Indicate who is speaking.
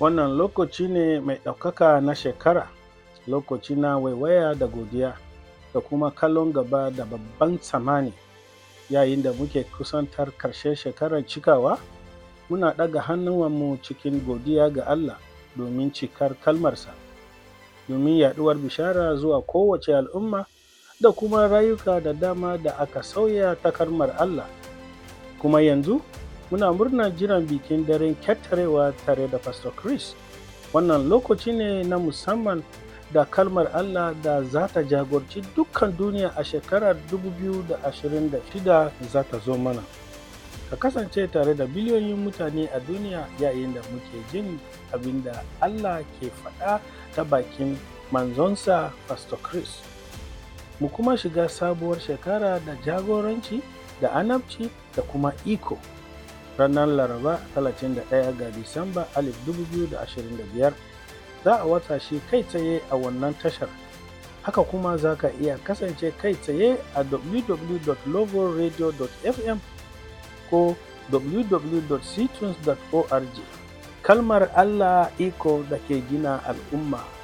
Speaker 1: Wannan lokaci ne mai ɗaukaka na shekara, lokaci na waiwaya da godiya da kuma kallon gaba da babban tsammani. Yayin da muke kusantar ƙarshen shekarar cikawa, muna ɗaga hannuwanmu cikin godiya ga Allah domin cikar kalmarsa, domin yaɗuwar bishara zuwa kowace al'umma da kuma rayuka da dama da aka sauya takarmar Allah. Kuma yanzu muna murnar jiran bikin daren kyattarewa tare da Pastor Chris. Wannan lokaci ne na musamman da kalmar Allah da za ta jagorci dukkan duniya a shekarar 2026 za ta zo mana. Ka kasance tare da biliyoyin mutane a duniya yayin da muke jin abin da Allah ke faɗa ta bakin manzonsa Pastor Chris. Mu kuma shiga sabuwar shekara da jagoranci da anabci da kuma iko. ranar Laraba 31 ga Disamba 2025 za a wata shi kai tsaye a wannan tashar. Haka kuma za ka iya kasance kai tsaye a www.logoradio.fm ko www.ctunes.org. Kalmar Allah iko da ke gina al'umma.